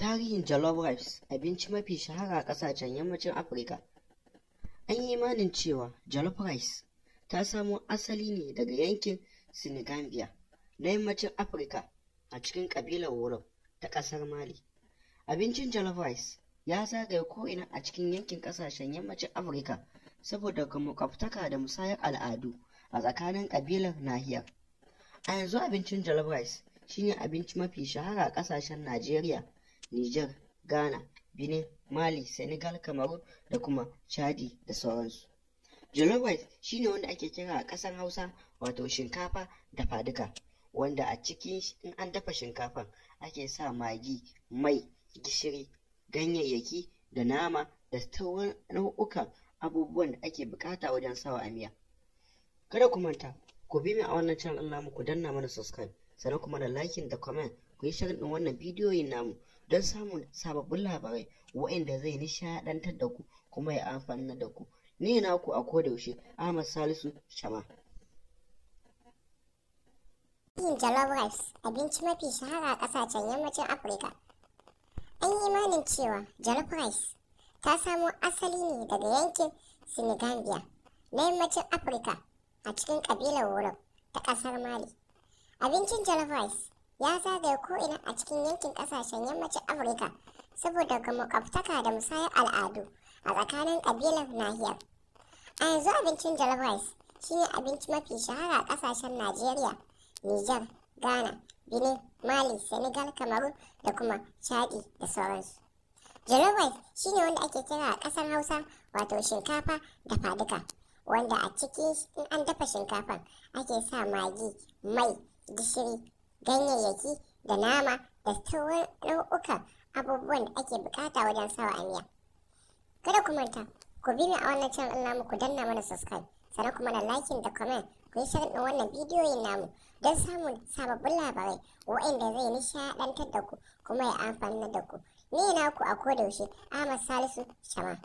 Tarihin Jollof Rice abinci mafi shahara a ƙasashen yammacin Afirka. An yi imanin cewa Jollof Rice ta samo asali ne daga yankin Senegambia na yammacin Afirka a cikin ƙabilar Wolof ta ƙasar Mali. Abincin Jollof Rice ya zagaye ko'ina a cikin yankin ƙasashen yammacin Afirka saboda makwabtaka da musayar al'adu a tsakanin ƙabilar nahiyar. A yanzu abincin Jollof Rice shine abinci mafi shahara a ƙasashen Najeriya. Nijar, Ghana, Benin, Mali, Senegal, Cameroon da kuma Chadi da sauransu. Jollof rice shine wanda ake kira a ƙasar Hausa wato shinkafa da faduka wanda a cikin in an dafa shinkafan ake sa magi, mai, gishiri, ganyayyaki da nama da sauran nau'ukan abubuwan da ake bukata wajen sawa a miya. Kada ku manta, ku bi mu a wannan channel namu ku danna mana subscribe, sannan kuma da liking da comment ku yi share ɗin wannan bidiyoyin namu don samun sababbin labarai waɗanda zai nishaɗantar da ku kuma ya amfana da ku. Ni na ku a kodayaushe Ahmad Salisu Shama. Yin jollof rice abinci mafi shahara a ƙasashen yammacin Afirka. An yi imanin cewa jollof rice ta samo asali ne daga yankin Sinigambia na yammacin Afirka a cikin ƙabilar wurin ta ƙasar Mali. Abincin jollof rice ya zagaya ko'ina a cikin yankin ƙasashen yammacin afirka saboda ga makwabtaka da musayar al'adu a tsakanin kabilar nahiyar a yanzu abincin jollof rice shine abinci mafi shahara a ƙasashen najeriya niger ghana benin mali senegal cameroon da kuma chadi da sauransu jollof rice shine wanda ake kira a ƙasar hausa wato shinkafa da faduka wanda a ciki in an dafa shinkafar ake sa magi mai gishiri ganyayyaki da nama da sauran nau'ukan abubuwan da ake bukata wajen sawa a miya. Kada ku manta, ku bi ni a wannan channel Allah namu ku danna mana subscribe, sannan kuma da like da comment ku yi share ɗin wannan bidiyoyin namu don samun sababbin labarai waɗanda zai nishadantar da ku kuma ya amfani da ku. Ni na ku a kodayaushe Ahmad Salisu Shama.